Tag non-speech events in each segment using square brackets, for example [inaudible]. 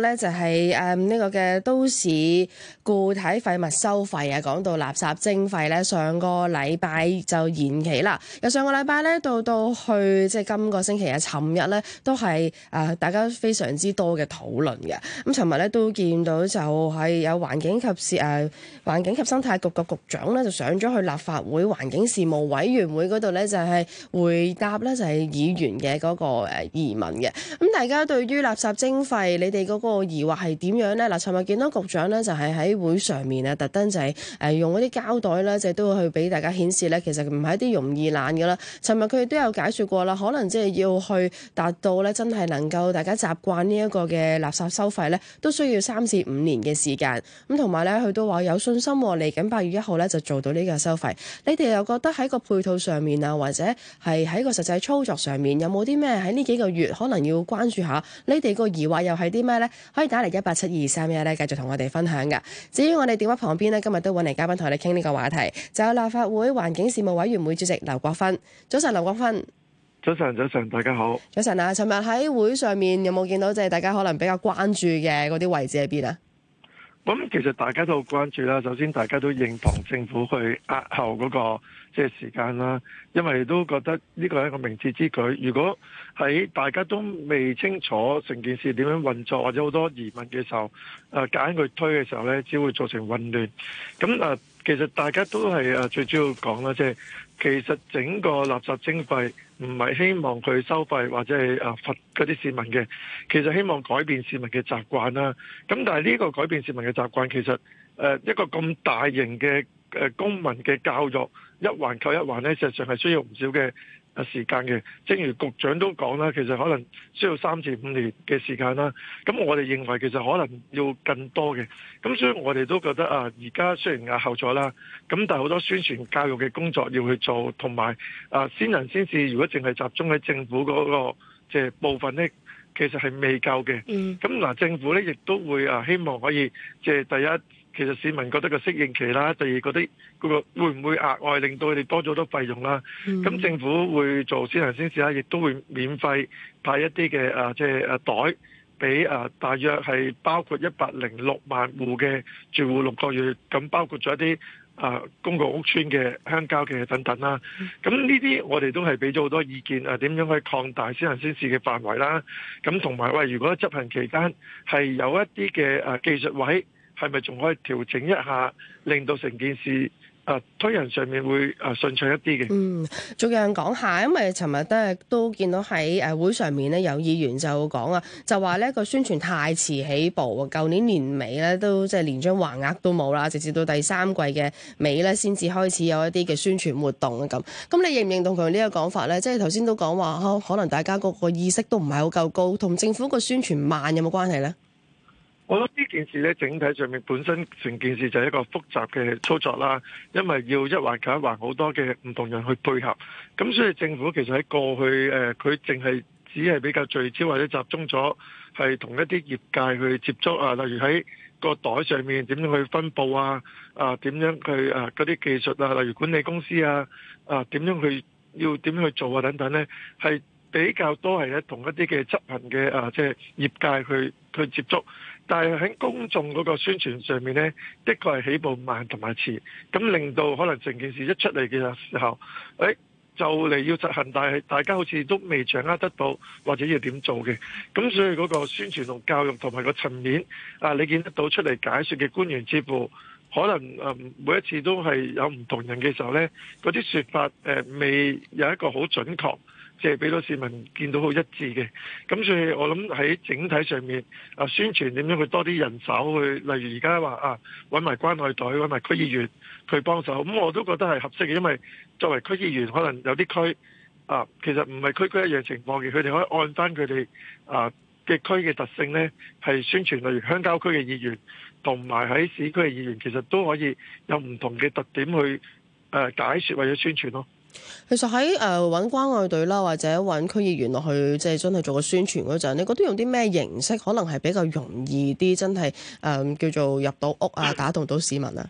咧就係誒呢個嘅都市固體廢物收費啊，講到垃圾徵費咧，上個禮拜就延期啦。由上個禮拜咧到到去即係今個星期啊，尋日咧都係誒、呃、大家非常之多嘅討論嘅。咁尋日咧都見到就係有環境及誒、啊、環境及生態局嘅局長咧就上咗去立法會環境事務委員會嗰度咧就係、是、回答咧就係、是、議員嘅嗰個誒疑問嘅。咁、嗯、大家對於垃圾徵費，你哋嗰個疑惑係點樣咧？嗱，尋日見到局長咧就係喺會上面啊，特登就係誒用嗰啲膠袋咧，即係都去俾大家顯示咧，其實唔係一啲容易爛嘅啦。尋日佢哋都有解説過啦，可能即係要去達到咧，真係能夠大家習慣呢一個嘅垃圾收費咧，都需要三至五年嘅時間。咁同埋咧，佢都話有信心嚟緊八月一號咧就做到呢個收費。你哋又覺得喺個配套上面啊，或者係喺個實際操作上面，有冇啲咩喺呢幾個月可能要關注下？你哋個疑惑又係啲咩咧？可以打嚟一八七二三一咧，繼續同我哋分享噶。至於我哋電話旁邊呢，今日都揾嚟嘉賓同我哋傾呢個話題，就有、是、立法會環境事務委員會主席劉國勳。早晨，劉國勳。早晨，早晨，大家好。早晨啊，尋日喺會上面有冇見到即係大家可能比較關注嘅嗰啲位置喺邊啊？咁其實大家都好關注啦，首先大家都認同政府去壓後嗰個即係時間啦，因為都覺得呢個係一個明智之舉。如果喺大家都未清楚成件事點樣運作，或者好多疑問嘅時候，誒揀佢推嘅時候呢，只會造成混亂。咁啊，其實大家都係誒最主要講啦，即係。其實整個垃圾徵費唔係希望佢收費或者係誒罰嗰啲市民嘅，其實希望改變市民嘅習慣啦。咁但係呢個改變市民嘅習慣，其實誒一個咁大型嘅誒公民嘅教育，一環扣一環呢，事實上係需要唔少嘅啊，時間嘅，正如局長都講啦，其實可能需要三至五年嘅時間啦。咁我哋認為其實可能要更多嘅。咁所以我哋都覺得啊，而家雖然壓後咗啦，咁但係好多宣傳教育嘅工作要去做，同埋啊先人先至，如果淨係集中喺政府嗰個即係部分咧，其實係未夠嘅。嗯。咁嗱，政府咧亦都會啊，希望可以即係第一。其實市民覺得個適應期啦，第二嗰啲嗰個會唔會額外令到佢哋多咗好多費用啦？咁政府會做先行先試啦，亦都會免費派一啲嘅啊，即係啊袋俾啊，大約係包括一百零六萬戶嘅住戶六個月，咁包括咗一啲啊公共屋邨嘅、鄉郊嘅等等啦。咁呢啲我哋都係俾咗好多意見啊，點樣去擴大先行先試嘅範圍啦？咁同埋喂，如果執行期間係有一啲嘅啊技術位。係咪仲可以調整一下，令到成件事啊推人上面會啊順暢一啲嘅？嗯，仲有人講下，因為尋日都係都見到喺誒會上面咧，有議員就講啊，就話咧個宣傳太遲起步，舊年年尾咧都即係連張橫額都冇啦，直至到第三季嘅尾咧先至開始有一啲嘅宣傳活動啊咁。咁你認唔認同佢呢個講法咧？即係頭先都講話、哦、可能大家嗰個意識都唔係好夠高，同政府個宣傳慢有冇關係咧？我覺得呢件事咧，整體上面本身成件事就係一個複雜嘅操作啦，因為要一環扣一環好多嘅唔同人去配合，咁所以政府其實喺過去誒，佢淨係只係比較聚焦或者集中咗，係同一啲業界去接觸啊，例如喺個袋上面點樣去分佈啊，啊點樣去啊嗰啲技術啊，例如管理公司啊，啊點樣去要點樣去做啊等等呢。係。比較多係咧同一啲嘅執行嘅啊，即係業界去去接觸，但係喺公眾嗰個宣傳上面呢，的確係起步慢同埋遲，咁令到可能成件事一出嚟嘅時候，哎，就嚟要執行，但係大家好似都未掌握得到或者要點做嘅，咁所以嗰個宣傳同教育同埋個層面啊，你見得到出嚟解説嘅官員之部。可能每一次都係有唔同人嘅時候呢，嗰啲說法未有一個好準確，即係俾到市民見到好一致嘅。咁所以我諗喺整體上面啊，宣傳點樣去多啲人手去，例如而家話啊揾埋關愛隊，揾埋區議員去幫手，咁我都覺得係合適嘅，因為作為區議員，可能有啲區啊，其實唔係區區一樣的情況嘅，而佢哋可以按翻佢哋啊嘅區嘅特性呢，係宣傳例如鄉郊區嘅議員。同埋喺市區嘅議員其實都可以有唔同嘅特點去誒解說或者宣傳咯。其實喺誒揾關愛隊啦，或者揾區議員落去，即係真係做個宣傳嗰陣，你覺得用啲咩形式可能係比較容易啲，真係誒叫做入到屋啊，打動到市民啊？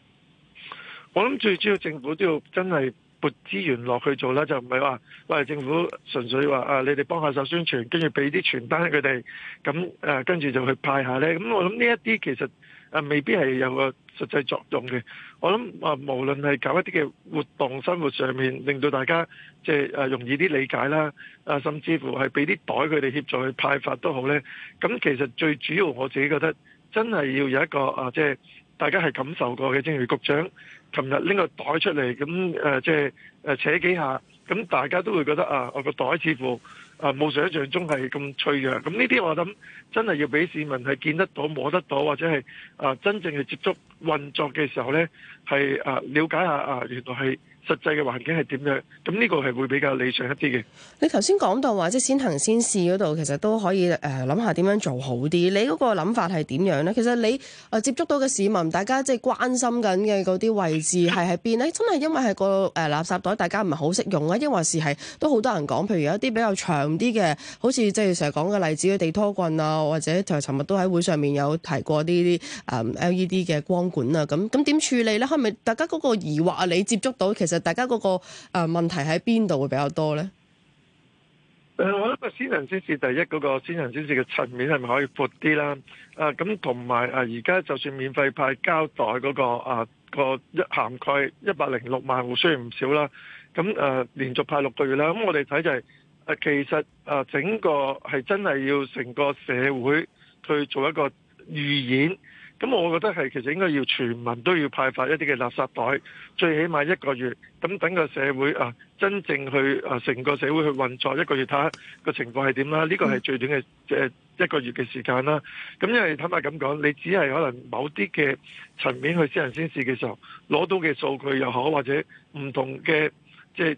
我諗最主要政府都要真係。撥資源落去做啦，就唔係話喂政府純粹話啊，你哋幫下手宣傳，跟住俾啲傳單佢哋，咁誒跟住就去派下呢。咁我諗呢一啲其實誒、啊、未必係有個實際作用嘅。我諗啊，無論係搞一啲嘅活動，生活上面令到大家即係、就是啊、容易啲理解啦，啊甚至乎係俾啲袋佢哋協助去派發都好呢。咁其實最主要我自己覺得，真係要有一個啊即係。就是大家係感受過嘅，正如局長琴日拎個袋出嚟，咁誒，即係誒扯幾下，咁大家都會覺得啊，我個袋似乎。啊冇想象中係咁脆弱，咁呢啲我諗真係要俾市民係見得到、摸得到，或者係啊真正去接觸運作嘅時候呢，係啊瞭解一下啊原來係實際嘅環境係點樣，咁呢個係會比較理想一啲嘅。你頭先講到話即先行先試嗰度，其實都可以誒諗、呃、下點樣做好啲。你嗰個諗法係點樣呢？其實你啊、呃、接觸到嘅市民，大家即係關心緊嘅嗰啲位置係喺邊呢？ [laughs] 真係因為係個垃圾袋，大家唔係好識用啊，抑或是係都好多人講，譬如有一啲比較長。用啲嘅，好似即係成日講嘅例子，地拖棍啊，或者就係尋日都喺會上面有提過呢啲誒 LED 嘅光管啊，咁咁點處理咧？係咪大家嗰個疑惑啊？你接觸到其實大家嗰個誒問題喺邊度會比較多咧？誒、嗯，我覺得先行先試第一嗰、嗰個先行先試嘅層面係咪可以闊啲啦？啊，咁同埋誒而家就算免費派膠袋嗰個啊、嗰個一涵蓋一百零六萬戶雖然唔少啦，咁誒、啊、連續派六個月啦，咁我哋睇就係、係。其實啊，整個係真係要成個社會去做一個預演。咁我覺得係其實應該要全民都要派發一啲嘅垃圾袋，最起碼一個月。咁等個社會啊，真正去啊，成個社會去運作一個月睇下個情況係點啦。呢個係最短嘅一個月嘅時間啦。咁因為坦白咁講，你只係可能某啲嘅層面去先行先試嘅時候攞到嘅數據又好，或者唔同嘅即係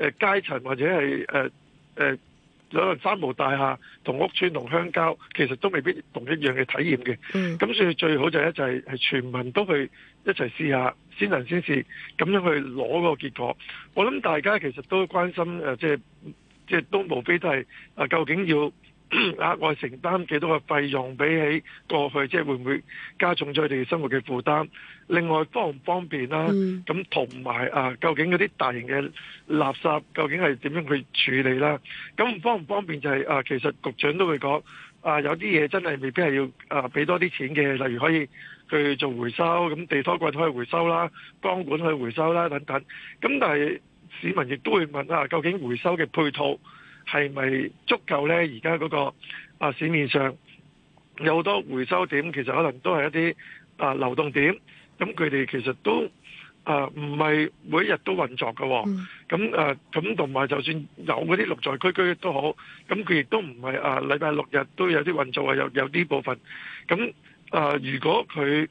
誒階層或者係誒。誒，可能三無大廈同屋村同鄉郊，其實都未必同一樣嘅體驗嘅。咁、mm. 所以最好就係、係、就係、係、全民都去一齊試下，先人先試，咁樣去攞個結果。我諗大家其實都關心誒，即係即係都無非都係啊，究竟要？額外承擔幾多個費用，比起過去即係會唔會加重咗佢哋生活嘅負擔？另外方唔方便啦，咁同埋啊，究竟嗰啲大型嘅垃圾究竟係點樣去處理啦？咁方唔方便就係啊，其實局長都會講啊，有啲嘢真係未必係要啊俾多啲錢嘅，例如可以去做回收，咁地拖棍可以回收啦，鋼管可以回收啦等等。咁但係市民亦都會問啊，究竟回收嘅配套？係咪足夠呢？而家嗰個啊市面上有好多回收點，其實可能都係一啲啊流動點。咁佢哋其實都啊唔係每一日都運作嘅。咁啊咁，同埋就算有嗰啲綠在區區都好，咁佢亦都唔係啊禮拜六日都有啲運作啊，有有啲部分。咁啊，如果佢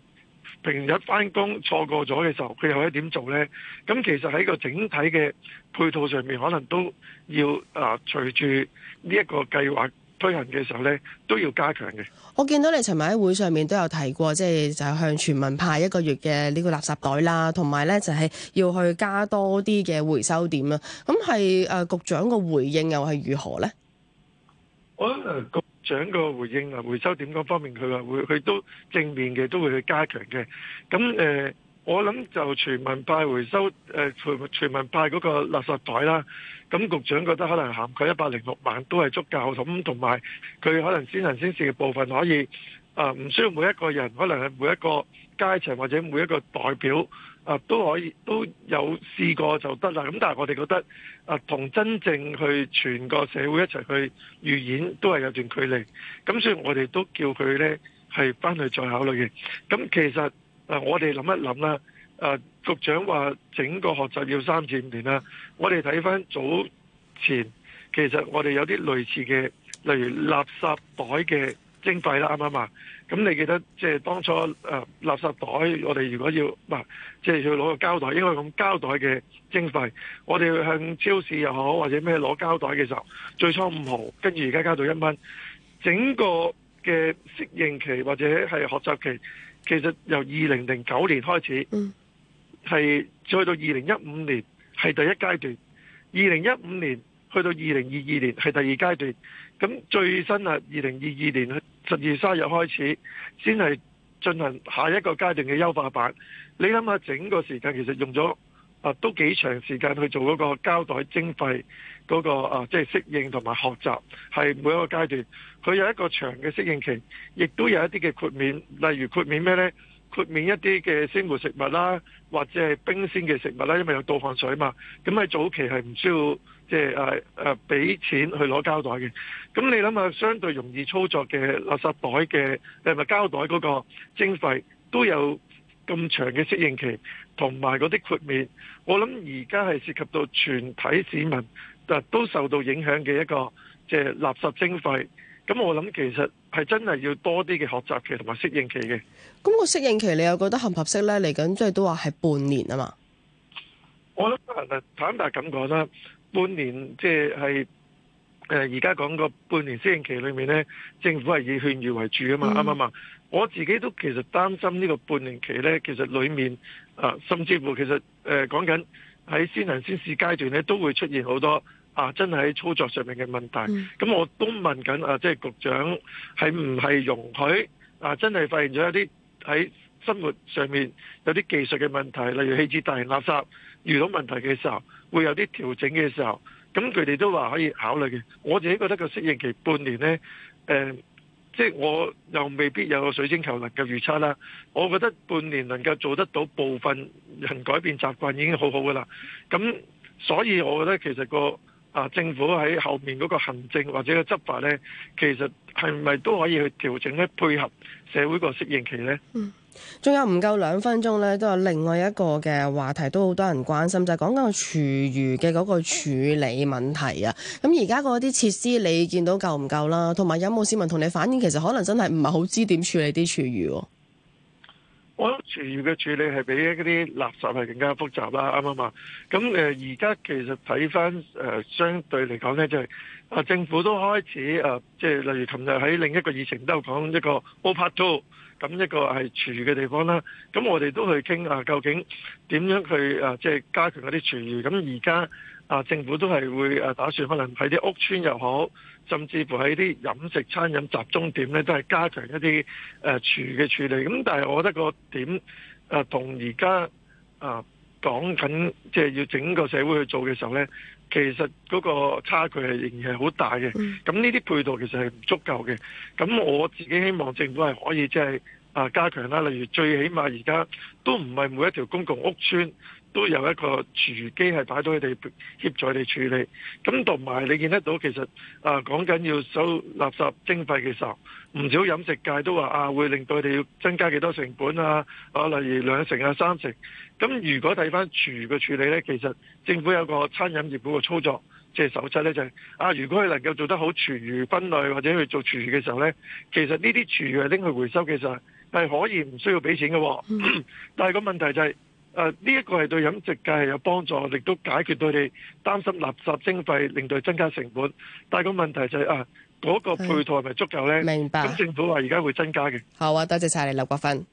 平日翻工錯過咗嘅時候，佢又係點做呢？咁其實喺個整體嘅配套上面，可能都要啊隨住呢一個計劃推行嘅時候呢，都要加強嘅。我見到你尋日喺會上面都有提過，即係就向全民派一個月嘅呢個垃圾袋啦，同埋呢就係要去加多啲嘅回收點啦。咁係啊，局長個回應又係如何呢？我。長個回應啊，回收點嗰方面，佢話會佢都正面嘅，都會去加強嘅。咁誒，我諗就全民派回收誒，全全民派嗰個垃圾袋啦。咁局長覺得可能涵蓋佢一百零六萬都係足夠，咁同埋佢可能先行先試嘅部分可以。啊，唔需要每一個人，可能係每一個階層或者每一個代表啊，都可以都有試過就得啦。咁但係我哋覺得啊，同真正去全個社會一齊去預演，都係有段距離。咁所以我哋都叫佢呢係翻去再考慮嘅。咁其實啊，我哋諗一諗啦。啊，局長話整個學習要三至五年啦。我哋睇翻早前，其實我哋有啲類似嘅，例如垃圾袋嘅徵費啦，啱唔啱啊？咁你記得即係、就是、當初誒、呃、垃圾袋，我哋如果要即係、啊就是、要攞個膠袋，應該咁膠袋嘅徵費，我哋要向超市又好或者咩攞膠袋嘅時候，最初五毫，跟住而家加到一蚊，整個嘅適應期或者係學習期，其實由二零零九年開始，係再、嗯、去到二零一五年係第一階段，二零一五年。去到二零二二年係第二階段，咁最新啊，二零二二年十二三日開始，先係進行下一個階段嘅優化版。你諗下整個時間其實用咗啊，都幾長時間去做嗰個膠袋徵費嗰、那個啊，即、就、係、是、適應同埋學習係每一個階段，佢有一個長嘅適應期，亦都有一啲嘅豁免，例如豁免咩呢？豁免一啲嘅鮮活食物啦，或者係冰鮮嘅食物啦，因為有倒汗水嘛。咁喺早期係唔需要即係誒誒俾錢去攞膠袋嘅。咁你諗下，相對容易操作嘅垃圾袋嘅誒咪膠袋嗰個徵費都有咁長嘅適應期，同埋嗰啲豁免，我諗而家係涉及到全體市民，嗱，都受到影響嘅一個即係垃圾徵費。咁我諗其實係真係要多啲嘅學習期同埋適應期嘅。咁個適應期你又覺得合唔合適呢？嚟緊即係都話係半年啊嘛。我諗啊，坦白咁講啦，半年即係係而家講個半年適應期裏面呢，政府係以勸喻為主啊嘛，啱唔啱？我自己都其實擔心呢個半年期呢，其實裏面啊，甚至乎其實誒，講緊喺先行先試階段呢，都會出現好多。啊！真係喺操作上面嘅問題，咁我都問緊啊，即係局長係唔係容許啊？真係發現咗一啲喺生活上面有啲技術嘅問題，例如棄置大型垃圾遇到問題嘅時候，會有啲調整嘅時候，咁佢哋都話可以考慮嘅。我自己覺得個適應期半年咧，誒，即係我又未必有個水晶球能夠預測啦。我覺得半年能夠做得到部分人改變習慣已經好好噶啦。咁所以我覺得其實個啊！政府喺後面嗰個行政或者個執法呢，其實係咪都可以去調整咧，配合社會個適應期呢？嗯，仲有唔夠兩分鐘呢，都有另外一個嘅話題，都好多人關心，就係講緊廚餘嘅嗰個處理問題啊。咁而家嗰啲設施你見到夠唔夠啦？同埋有冇市民同你反映，其實可能真係唔係好知點處理啲廚餘喎？我廚餘嘅處理係比嗰啲垃圾係更加複雜啦，啱唔啱？咁誒，而家其實睇翻誒，相對嚟講咧，就係啊，政府都開始誒，即係例如琴日喺另一個議程都有講一個 open to，咁一個係廚餘嘅地方啦。咁我哋都去傾啊，究竟點樣去誒，即係加強嗰啲廚餘？咁而家。啊！政府都係會誒打算可能喺啲屋邨又好，甚至乎喺啲飲食餐飲集中點呢，都係加強一啲誒廚嘅處理。咁但係我覺得個點啊，同而家啊講緊即係要整個社會去做嘅時候呢，其實嗰個差距係仍然係好大嘅。咁呢啲配套其實係唔足夠嘅。咁我自己希望政府係可以即係啊加強啦，例如最起碼而家都唔係每一條公共屋邨，都有一個廚餘機係擺到佢哋，協助佢哋處理，咁同埋你見得到其實啊講緊要收垃圾徵費嘅時候，唔少飲食界都話啊會令到佢哋要增加幾多成本啊啊，例如兩成啊三成，咁如果睇返廚餘嘅處理呢，其實政府有個餐飲業股嘅操作即係手冊呢，就係、是、啊如果佢能夠做得好廚餘分類或者去做廚餘嘅時候呢，其實呢啲廚餘係拎去回收嘅時候係可以唔需要俾錢嘅、哦，嗯、但係個問題就係、是。誒呢一個係對飲食界係有幫助，亦都解決到你擔心垃圾徵費令到增加成本。但係個問題就係誒嗰個配套係咪足夠呢？明白。咁政府話而家會增加嘅。好啊，多謝晒你，劉國勳。